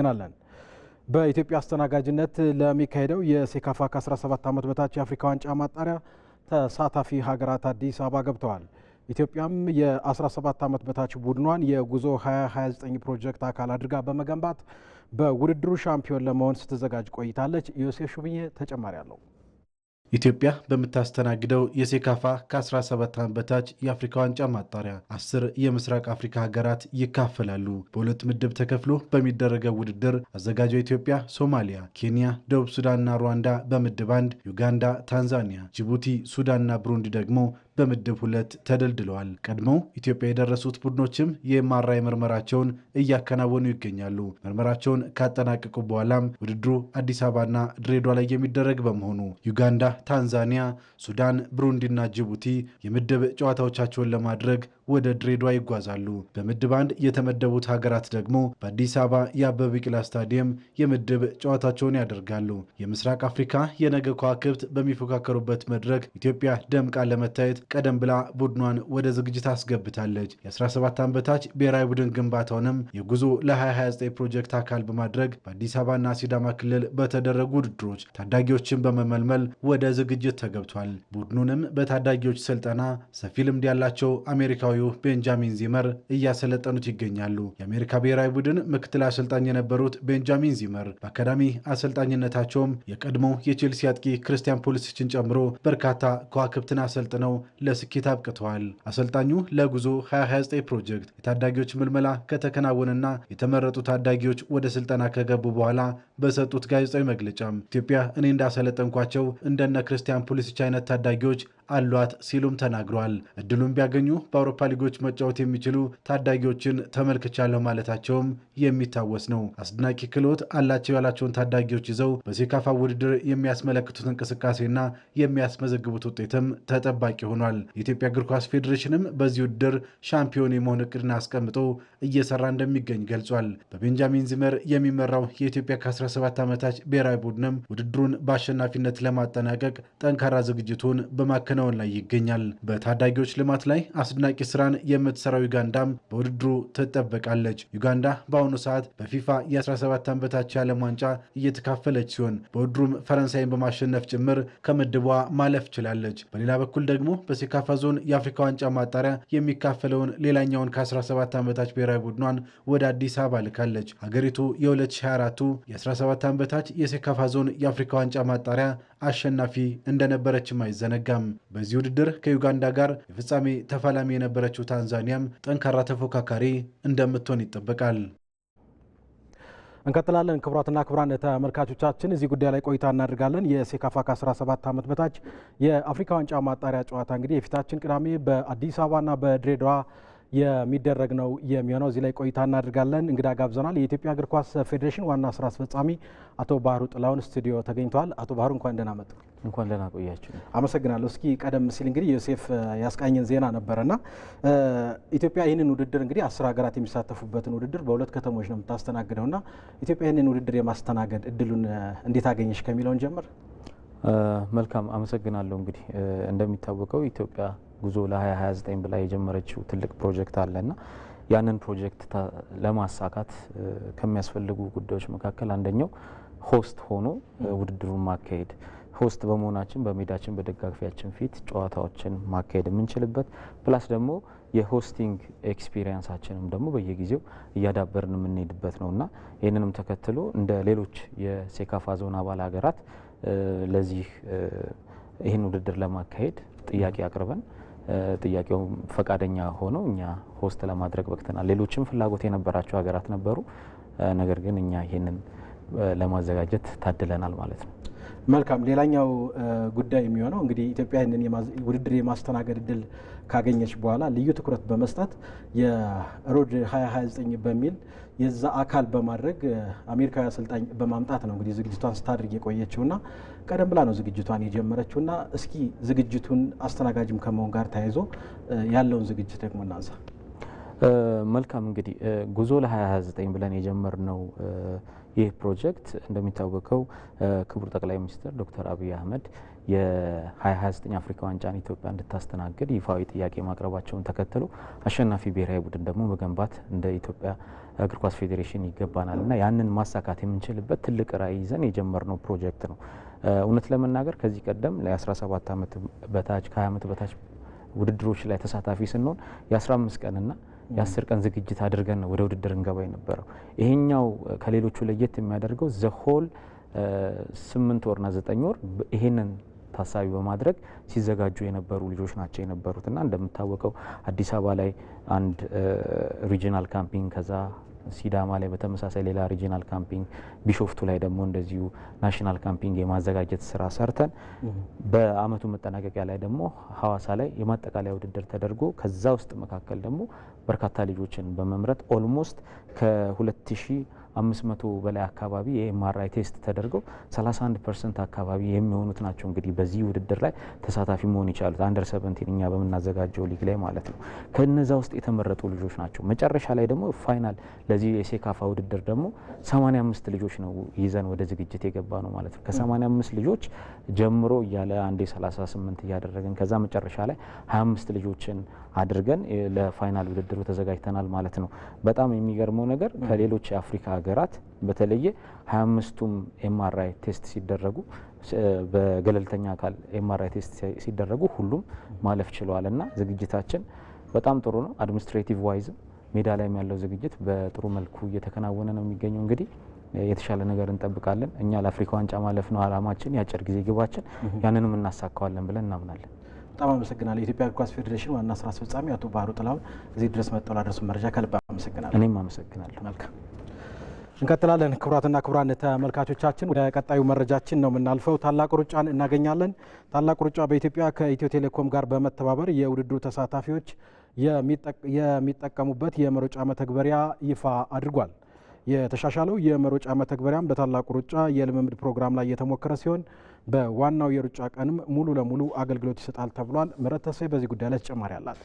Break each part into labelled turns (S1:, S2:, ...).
S1: እናመሰግናለን። በኢትዮጵያ አስተናጋጅነት ለሚካሄደው የሴካፋ ከ17 ዓመት በታች የአፍሪካ ዋንጫ ማጣሪያ ተሳታፊ ሀገራት አዲስ አበባ ገብተዋል። ኢትዮጵያም የ17 ዓመት በታች ቡድኗን የጉዞ 2029 ፕሮጀክት አካል አድርጋ በመገንባት በውድድሩ ሻምፒዮን ለመሆን ስትዘጋጅ ቆይታለች። ዮሴፍ ሹብዬ ተጨማሪ አለው። ኢትዮጵያ በምታስተናግደው የሴካፋ ከ17 ዓመት በታች የአፍሪካ ዋንጫ ማጣሪያ አስር የምስራቅ አፍሪካ ሀገራት ይካፈላሉ። በሁለት ምድብ ተከፍሎ በሚደረገው ውድድር አዘጋጇ ኢትዮጵያ፣ ሶማሊያ፣ ኬንያ፣ ደቡብ ሱዳንና ሩዋንዳ በምድብ አንድ፣ ዩጋንዳ፣ ታንዛኒያ፣ ጅቡቲ፣ ሱዳንና ብሩንዲ ደግሞ በምድብ ሁለት ተደልድለዋል። ቀድመው ኢትዮጵያ የደረሱት ቡድኖችም የማራይ ምርመራቸውን እያከናወኑ ይገኛሉ። ምርመራቸውን ካጠናቀቁ በኋላም ውድድሩ አዲስ አበባና ድሬዳዋ ላይ የሚደረግ በመሆኑ ዩጋንዳ፣ ታንዛኒያ፣ ሱዳን፣ ብሩንዲና ጅቡቲ የምድብ ጨዋታዎቻቸውን ለማድረግ ወደ ድሬዳዋ ይጓዛሉ። በምድብ አንድ የተመደቡት ሀገራት ደግሞ በአዲስ አበባ የአበበ ቢቂላ ስታዲየም የምድብ ጨዋታቸውን ያደርጋሉ። የምስራቅ አፍሪካ የነገ ከዋክብት በሚፎካከሩበት መድረክ ኢትዮጵያ ደምቃ ለመታየት ቀደም ብላ ቡድኗን ወደ ዝግጅት አስገብታለች። የ17 ዓመት በታች ብሔራዊ ቡድን ግንባታውንም የጉዞ ለ2029 ፕሮጀክት አካል በማድረግ በአዲስ አበባና ሲዳማ ክልል በተደረጉ ውድድሮች ታዳጊዎችን በመመልመል ወደ ዝግጅት ተገብቷል። ቡድኑንም በታዳጊዎች ስልጠና ሰፊ ልምድ ያላቸው አሜሪካዊ ፈረንሳዊው ቤንጃሚን ዚመር እያሰለጠኑት ይገኛሉ። የአሜሪካ ብሔራዊ ቡድን ምክትል አሰልጣኝ የነበሩት ቤንጃሚን ዚመር በአካዳሚ አሰልጣኝነታቸውም የቀድሞ የቼልሲ አጥቂ ክርስቲያን ፖሊሲችን ጨምሮ በርካታ ከዋክብትን አሰልጥነው ለስኬት አብቅተዋል። አሰልጣኙ ለጉዞ 2029 ፕሮጀክት የታዳጊዎች ምልመላ ከተከናወነና የተመረጡ ታዳጊዎች ወደ ስልጠና ከገቡ በኋላ በሰጡት ጋዜጣዊ መግለጫም ኢትዮጵያ እኔ እንዳሰለጠንኳቸው እንደነ ክርስቲያን ፖሊሲች አይነት ታዳጊዎች አሏት ሲሉም ተናግሯል። እድሉም ቢያገኙ በአውሮፓ ሊጎች መጫወት የሚችሉ ታዳጊዎችን ተመልክቻለሁ ማለታቸውም የሚታወስ ነው። አስደናቂ ክህሎት አላቸው ያላቸውን ታዳጊዎች ይዘው በሴካፋ ውድድር የሚያስመለክቱት እንቅስቃሴና የሚያስመዘግቡት ውጤትም ተጠባቂ ሆኗል። የኢትዮጵያ እግር ኳስ ፌዴሬሽንም በዚህ ውድድር ሻምፒዮን የመሆን እቅድን አስቀምጦ እየሰራ እንደሚገኝ ገልጿል። በቤንጃሚን ዚመር የሚመራው የኢትዮጵያ ከ17 ዓመታች ብሔራዊ ቡድንም ውድድሩን በአሸናፊነት ለማጠናቀቅ ጠንካራ ዝግጅቱን በማከናወን ላይ ይገኛል። በታዳጊዎች ልማት ላይ አስደናቂ ኤርትራን የምትሰራው ዩጋንዳም በውድድሩ ትጠበቃለች። ዩጋንዳ በአሁኑ ሰዓት በፊፋ የ17 ዓመት በታች የዓለም ዋንጫ እየተካፈለች ሲሆን በውድሩም ፈረንሳይን በማሸነፍ ጭምር ከምድቧ ማለፍ ችላለች። በሌላ በኩል ደግሞ በሴካፋ ዞን የአፍሪካ ዋንጫ ማጣሪያ የሚካፈለውን ሌላኛውን ከ17 ዓመት በታች ብሔራዊ ቡድኗን ወደ አዲስ አበባ ልካለች። ሀገሪቱ የ2024 የ17 ዓመት በታች የሴካፋ ዞን የአፍሪካ ዋንጫ ማጣሪያ አሸናፊ እንደነበረችም አይዘነጋም። በዚህ ውድድር ከዩጋንዳ ጋር የፍጻሜ ተፋላሚ የነበረችው ታንዛኒያም ጠንካራ ተፎካካሪ እንደምትሆን ይጠበቃል። እንቀጥላለን። ክቡራትና ክቡራን ተመልካቾቻችን እዚህ ጉዳይ ላይ ቆይታ እናደርጋለን። የሴካፋ ከ17 ዓመት በታች የአፍሪካ ዋንጫ ማጣሪያ ጨዋታ እንግዲህ የፊታችን ቅዳሜ በአዲስ አበባና በድሬዳዋ የሚደረግ ነው የሚሆነው። እዚህ ላይ ቆይታ እናድርጋለን። እንግዳ ጋብዘናል። የኢትዮጵያ እግር ኳስ ፌዴሬሽን ዋና ስራ አስፈጻሚ አቶ ባህሩ ጥላውን ስቱዲዮ ተገኝተዋል። አቶ ባህሩ እንኳን ደህና መጡ።
S2: እንኳን ደህና ቆያችሁ።
S1: አመሰግናለሁ። እስኪ ቀደም ሲል እንግዲህ ዮሴፍ ያስቃኝን ዜና ነበረና ኢትዮጵያ ይህንን ውድድር እንግዲህ አስር ሀገራት የሚሳተፉበትን ውድድር በሁለት ከተሞች ነው የምታስተናግደው ና ኢትዮጵያ ይህንን ውድድር የማስተናገድ እድሉን እንዴት አገኘሽ ከሚለውን ጀምር።
S2: መልካም አመሰግናለሁ። እንግዲህ እንደሚታወቀው ኢትዮጵያ ጉዞ ለ2029 ብላ የጀመረችው ትልቅ ፕሮጀክት አለና ያንን ፕሮጀክት ለማሳካት ከሚያስፈልጉ ጉዳዮች መካከል አንደኛው ሆስት ሆኖ ውድድሩን ማካሄድ ሆስት በመሆናችን በሜዳችን በደጋፊያችን ፊት ጨዋታዎችን ማካሄድ የምንችልበት ፕላስ ደግሞ የሆስቲንግ ኤክስፒሪየንሳችንም ደግሞ በየጊዜው እያዳበርን የምንሄድበት ነው እና ይህንንም ተከትሎ እንደ ሌሎች የሴካፋ ዞን አባል ሀገራት ለዚህ ይህን ውድድር ለማካሄድ ጥያቄ አቅርበን ጥያቄው ፈቃደኛ ሆነው እኛ ሆስት ለማድረግ በቅተናል። ሌሎችም ፍላጎት የነበራቸው ሀገራት ነበሩ። ነገር ግን እኛ ይህንን ለማዘጋጀት ታድለናል ማለት ነው።
S1: መልካም። ሌላኛው ጉዳይ የሚሆነው እንግዲህ ኢትዮጵያ ይህንን ውድድር የማስተናገድ እድል ካገኘች በኋላ ልዩ ትኩረት በመስጠት የሮድ 2029 በሚል የዛ አካል በማድረግ አሜሪካዊ አሰልጣኝ በማምጣት ነው እንግዲህ ዝግጅቷን ስታድርግ ና ቀደም ብላ ነው ዝግጅቷን የጀመረችው ና እስኪ ዝግጅቱን አስተናጋጅም ከመሆን ጋር ተያይዞ ያለውን ዝግጅት ደግሞ እናንሳ።
S2: መልካም እንግዲህ ጉዞ ለ2029 ብለን የጀመርነው ይህ ፕሮጀክት እንደሚታወቀው ክቡር ጠቅላይ ሚኒስትር ዶክተር አብይ አህመድ የ2029 አፍሪካ ዋንጫን ኢትዮጵያ እንድታስተናግድ ይፋዊ ጥያቄ ማቅረባቸውን ተከትሎ አሸናፊ ብሔራዊ ቡድን ደግሞ መገንባት እንደ ኢትዮጵያ እግር ኳስ ፌዴሬሽን ይገባናል እና ያንን ማሳካት የምንችልበት ትልቅ ራዕይ ይዘን የጀመርነው ፕሮጀክት ነው። እውነት ለመናገር ከዚህ ቀደም ለ17 ዓመት በታች ከ20 ዓመት በታች ውድድሮች ላይ ተሳታፊ ስንሆን የ15 ቀንና የአስር ቀን ዝግጅት አድርገን ነው ወደ ውድድር እንገባ የነበረው። ይሄኛው ከሌሎቹ ለየት የሚያደርገው ዘሆል ስምንት ወርና ዘጠኝ ወር ይሄንን ታሳቢ በማድረግ ሲዘጋጁ የነበሩ ልጆች ናቸው የነበሩት እና እንደምታወቀው አዲስ አበባ ላይ አንድ ሪጂናል ካምፒንግ ከዛ ሲዳማ ላይ በተመሳሳይ ሌላ ሪጂናል ካምፒንግ፣ ቢሾፍቱ ላይ ደግሞ እንደዚሁ ናሽናል ካምፒንግ የማዘጋጀት ስራ ሰርተን በአመቱ መጠናቀቂያ ላይ ደግሞ ሀዋሳ ላይ የማጠቃለያ ውድድር ተደርጎ ከዛ ውስጥ መካከል ደግሞ በርካታ ልጆችን በመምረጥ ኦልሞስት ከ2000 አምስት መቶ በላይ አካባቢ የኤምአርአይ ቴስት ተደርገው 31 ፐርሰንት አካባቢ የሚሆኑት ናቸው እንግዲህ በዚህ ውድድር ላይ ተሳታፊ መሆን የቻሉት አንደር ሰቨንቲን እኛ በምናዘጋጀው ሊግ ላይ ማለት ነው። ከነዛ ውስጥ የተመረጡ ልጆች ናቸው። መጨረሻ ላይ ደግሞ ፋይናል ለዚህ የሴካፋ ውድድር ደግሞ 85 ልጆች ነው ይዘን ወደ ዝግጅት የገባ ነው ማለት ነው። ከ85 ልጆች ጀምሮ እያለ አንዴ 38 እያደረግን ከዛ መጨረሻ ላይ 25 ልጆችን አድርገን ለፋይናል ውድድሩ ተዘጋጅተናል ማለት ነው። በጣም የሚገርመው ነገር ከሌሎች የአፍሪካ ሀገራት በተለየ 25ቱም ኤምአርአይ ቴስት ሲደረጉ በገለልተኛ አካል ኤምአርአይ ቴስት ሲደረጉ ሁሉም ማለፍ ችለዋል እና ዝግጅታችን በጣም ጥሩ ነው። አድሚኒስትሬቲቭ ዋይዝም ሜዳ ላይም ያለው ዝግጅት በጥሩ መልኩ እየተከናወነ ነው የሚገኘው እንግዲህ የተሻለ ነገር እንጠብቃለን። እኛ ለአፍሪካ ዋንጫ ማለፍ ነው አላማችን፣ የአጭር ጊዜ ግባችን። ያንንም እናሳካዋለን ብለን እናምናለን።
S1: በጣም አመሰግናለሁ። የኢትዮጵያ እግር ኳስ ፌዴሬሽን ዋና ስራ አስፈጻሚ አቶ ባህሩ ጥላሁን እዚህ ድረስ መጥተው ላደረሱ መረጃ ከልብ አመሰግናለሁ።
S2: እኔም አመሰግናለሁ።
S1: መልካም እንቀጥላለን። ክቡራትና ክቡራን ተመልካቾቻችን ወደ ቀጣዩ መረጃችን ነው የምናልፈው። ታላቅ ሩጫን እናገኛለን። ታላቅ ሩጫ በኢትዮጵያ ከኢትዮ ቴሌኮም ጋር በመተባበር የውድድሩ ተሳታፊዎች የሚጠቀሙበት የመሮጫ መተግበሪያ ይፋ አድርጓል። የተሻሻለው የመሮጫ መተግበሪያም በታላቁ ሩጫ የልምምድ ፕሮግራም ላይ የተሞከረ ሲሆን በዋናው የሩጫ ቀንም ሙሉ ለሙሉ አገልግሎት ይሰጣል ተብሏል። ምረት ተስፋዬ በዚህ ጉዳይ ላይ ተጨማሪ አላት።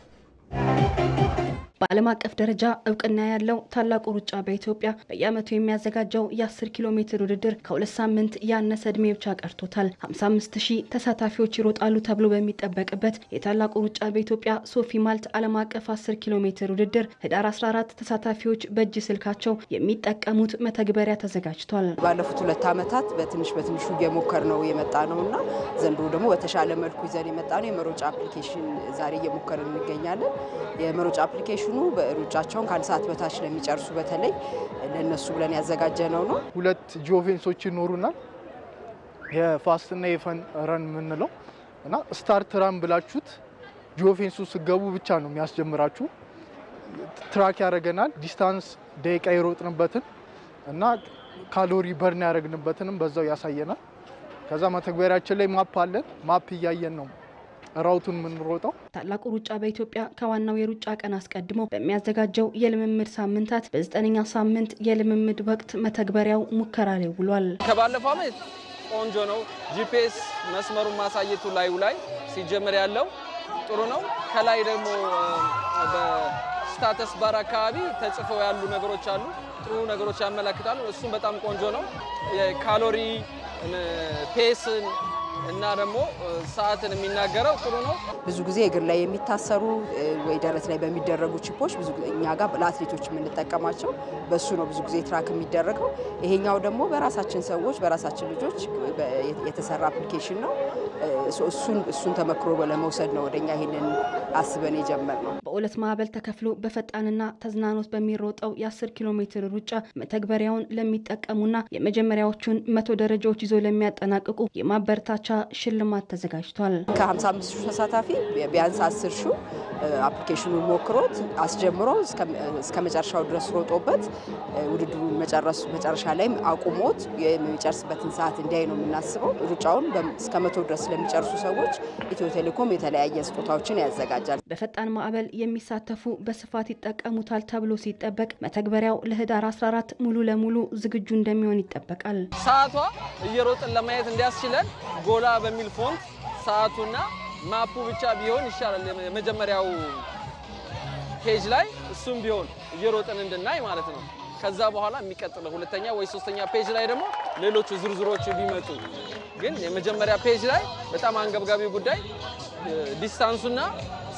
S3: በዓለም አቀፍ ደረጃ እውቅና ያለው ታላቁ ሩጫ በኢትዮጵያ በየዓመቱ የሚያዘጋጀው የ10 ኪሎ ሜትር ውድድር ከሁለት ሳምንት ያነሰ እድሜ ብቻ ቀርቶታል። 55 ሺህ ተሳታፊዎች ይሮጣሉ ተብሎ በሚጠበቅበት የታላቁ ሩጫ በኢትዮጵያ ሶፊ ማልት ዓለም አቀፍ 10 ኪሎ ሜትር ውድድር ህዳር 14 ተሳታፊዎች በእጅ ስልካቸው የሚጠቀሙት መተግበሪያ ተዘጋጅቷል።
S4: ባለፉት ሁለት ዓመታት በትንሽ በትንሹ እየሞከር ነው የመጣ ነው እና ዘንድሮ ደግሞ በተሻለ መልኩ ይዘን የመጣ ነው የመሮጫ አፕሊኬሽን ዛሬ እየሞከር እንገኛለን። የመሮጫ አፕሊኬሽን እንትኑ ሩጫቸውን ከአንድ ሰዓት በታች ለሚጨርሱ በተለይ ለነሱ ብለን ያዘጋጀ ነው ነው።
S5: ሁለት ጂኦፌንሶች ይኖሩናል የፋስትና የፈን ረን የምንለው እና ስታርት ራን ብላችሁት ጂኦፌንሱ ስገቡ ብቻ ነው የሚያስጀምራችሁ። ትራክ ያደረገናል ዲስታንስ ደቂቃ የሮጥንበትን እና ካሎሪ በርን ያደረግንበትንም በዛው ያሳየናል። ከዛ መተግበሪያችን ላይ ማፕ አለን። ማፕ እያየን ነው ራውቱን የምንሮጠው።
S3: ታላቁ ሩጫ በኢትዮጵያ ከዋናው የሩጫ ቀን አስቀድሞ በሚያዘጋጀው የልምምድ ሳምንታት በዘጠነኛ ሳምንት የልምምድ ወቅት መተግበሪያው ሙከራ ላይ ውሏል።
S6: ከባለፈው ዓመት ቆንጆ ነው። ጂፒኤስ መስመሩን ማሳየቱ ላዩ ላይ ሲጀምር ያለው ጥሩ ነው። ከላይ ደግሞ በስታተስ ባር አካባቢ ተጽፈው ያሉ ነገሮች አሉ። ጥሩ ነገሮች ያመለክታሉ። እሱም በጣም ቆንጆ ነው። የካሎሪ ፔስን እና ደግሞ ሰዓትን የሚናገረው ጥሩ ነው።
S4: ብዙ ጊዜ እግር ላይ የሚታሰሩ ወይ ደረት ላይ በሚደረጉ ቺፖች ብዙ እኛ ጋር ለአትሌቶች የምንጠቀማቸው በሱ ነው ብዙ ጊዜ ትራክ የሚደረገው። ይሄኛው ደግሞ በራሳችን ሰዎች በራሳችን ልጆች የተሰራ አፕሊኬሽን ነው። እሱን ተመክሮ ለመውሰድ ነው ወደኛ ይሄንን አስበን የጀመር ነው።
S3: በሁለት ማዕበል ተከፍሎ በፈጣንና ተዝናኖት በሚሮጠው የ10 ኪሎ ሜትር ሩጫ መተግበሪያውን ለሚጠቀሙና የመጀመሪያዎቹን መቶ ደረጃዎች ይዞ ለሚያጠናቅቁ የማበረታቻ ሽልማት ተዘጋጅቷል።
S4: ከ55 ተሳታፊ ቢያንስ 10 ሺህ አፕሊኬሽኑን ሞክሮት አስጀምሮ እስከ መጨረሻው ድረስ ሮጦበት ውድድሩ መጨረሻ ላይ አቁሞት የሚጨርስበትን ሰዓት እንዲያይ ነው የምናስበው። ሩጫውን እስከ መቶ ድረስ ለሚጨርሱ ሰዎች ኢትዮ ቴሌኮም የተለያየ ስጦታዎችን ያዘጋጃል። ይዘጋጃል።
S3: በፈጣን ማዕበል የሚሳተፉ በስፋት ይጠቀሙታል ተብሎ ሲጠበቅ መተግበሪያው ለህዳር 14 ሙሉ ለሙሉ ዝግጁ እንደሚሆን ይጠበቃል።
S6: ሰዓቷ እየሮጥን ለማየት እንዲያስችለን ጎላ በሚል ፎንት ሰዓቱና ማፑ ብቻ ቢሆን ይሻላል። የመጀመሪያው ፔጅ ላይ እሱም ቢሆን እየሮጥን እንድናይ ማለት ነው። ከዛ በኋላ የሚቀጥለው ሁለተኛ ወይ ሶስተኛ ፔጅ ላይ ደግሞ ሌሎቹ ዝርዝሮች ቢመጡ ግን የመጀመሪያ ፔጅ ላይ በጣም አንገብጋቢው ጉዳይ ዲስታንሱና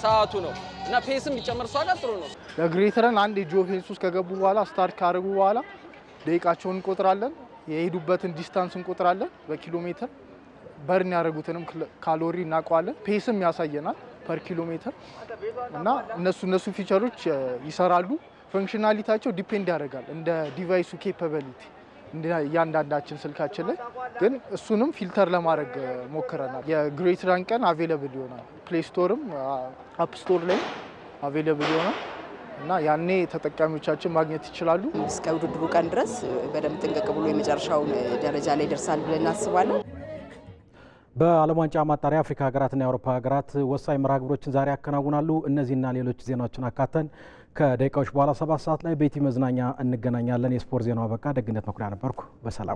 S6: ሰዓቱ ነው እና ፔስም ቢጨመር እሷ ጋር ጥሩ ነው።
S5: ለግሬተርን አንድ የጆ ፌንስ ውስጥ ከገቡ በኋላ ስታርት ካደረጉ በኋላ ደቂቃቸውን እንቆጥራለን፣ የሄዱበትን ዲስታንስ እንቆጥራለን በኪሎ ሜትር በርን ያደረጉትንም ካሎሪ እናውቀዋለን። ፔስም ያሳየናል ፐር ኪሎ ሜትር እና እነሱ እነሱ ፊቸሮች ይሰራሉ። ፈንክሽናሊታቸው ዲፔንድ ያደርጋል እንደ ዲቫይሱ ኬፓቢሊቲ እያንዳንዳችን ስልካችን ላይ ግን እሱንም ፊልተር ለማድረግ ሞክረናል። የግሬት ቀን አቬለብል ይሆናል ፕሌይ ስቶርም አፕ ስቶር ላይ አቬለብል ይሆናል እና ያኔ ተጠቃሚዎቻችን ማግኘት ይችላሉ።
S4: እስከ ውድድሩ ቀን ድረስ በደንብ ጥንቅቅ ብሎ የመጨረሻውን ደረጃ ላይ ደርሳል ብለን እናስባለን።
S1: በዓለም ዋንጫ ማጣሪያ አፍሪካ ሀገራትና የአውሮፓ ሀገራት ወሳኝ መርሃ ግብሮችን ዛሬ ያከናውናሉ። እነዚህና ሌሎች ዜናዎችን አካተን ከደቂቃዎች በኋላ ሰባት ሰዓት ላይ ቤቲ መዝናኛ እንገናኛለን። የስፖርት ዜናው አበቃ። ደግነት መኩሪያ ነበርኩ። በሰላም